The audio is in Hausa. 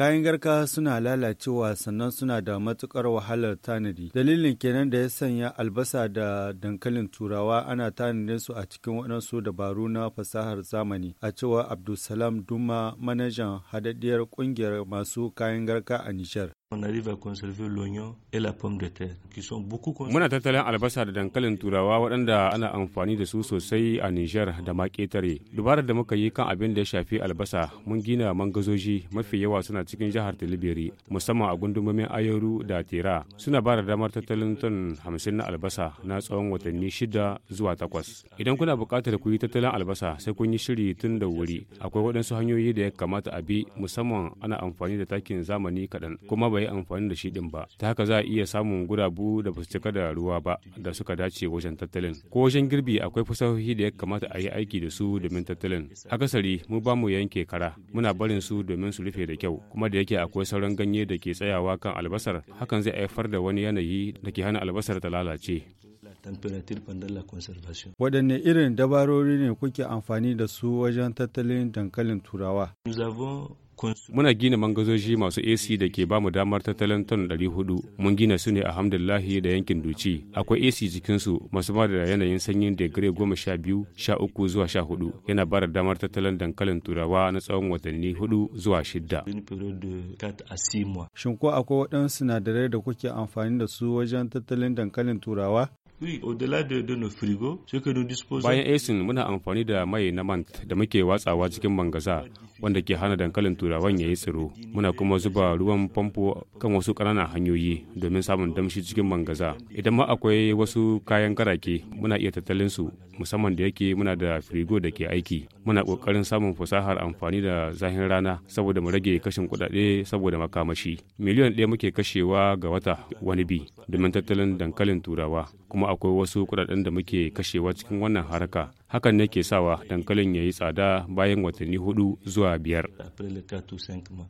kayan garka suna lalacewa sannan suna da matukar wahalar tanadi dalilin kenan da ya sanya albasa da dankalin turawa ana tanadin su a cikin waɗansu dabaru na fasahar zamani a cewa abdulsalam duma manajan hadaddiyar ƙungiyar masu kayan garka a nijar On arrive à conserver l'oignon et la pomme de terre qui sont beaucoup Muna tattalin albasa da dankalin turawa waɗanda ana amfani da su sosai a Nijar da ma ƙetare. Dubarar da muka yi kan abin da ya shafi albasa mun gina mangazoji mafi yawa suna cikin jihar Tilibiri musamman a gundumomin Ayoru da Tera suna ba da damar tattalin ton hamsin na albasa na tsawon watanni shida zuwa takwas. Idan kuna buƙatar ku yi tattalin albasa sai kun yi shiri tun da wuri. Akwai waɗansu hanyoyi da ya kamata a bi musamman ana amfani da takin zamani kaɗan kuma yi amfani da shi din ba ta haka za a iya samun gurabu da ba su cika da ruwa ba da suka dace wajen tattalin ko wajen girbi akwai fasahohi da ya kamata a yi aiki da su domin tattalin akasari mu ba mu yanke kara muna barin su domin su rufe da kyau kuma da yake akwai sauran ganye da ke tsayawa kan albasar hakan zai haifar da wani yanayi da ke hana albasar ta lalace temperature pendant la conservation. Waɗanne irin dabarori ne kuke amfani da su wajen tattalin dankalin turawa? Muna gina mangazoji masu AC da ke bamu damar tattalin ton 400. Mun gina su ne a hamdullahi da yankin Duci. Akwai AC jikinsu masu ba da yanayin sanyin degree goma sha biyu, sha uku zuwa sha hudu. Yana ba damar tattalin dankalin turawa na tsawon watanni hudu zuwa shidda. Shin ko akwai waɗansu sinadarai da kuke amfani da su wajen tattalin dankalin turawa? Bayan asin muna amfani da mai na mant da muke watsawa cikin mangaza wanda ke hana dankalin turawan ya yi tsiro muna kuma zuba ruwan famfo kan wasu ƙananan hanyoyi domin samun damshi cikin mangaza idan ma akwai wasu kayan karake muna iya tattalin su musamman da yake muna da firigo da ke aiki muna ƙoƙarin samun fasahar amfani da zahin rana saboda mu rage kashin kuɗaɗe saboda makamashi miliyan ɗaya muke kashewa ga wata wani bi domin tattalin dankalin turawa kuma akwai wasu kuɗaɗen da muke kashewa cikin wannan haraka hakan ne ke sawa dankalin ya yi tsada bayan watanni hudu zuwa biyar.